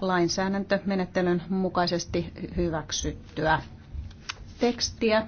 lainsäädäntömenettelyn mukaisesti hyväksyttyä tekstiä.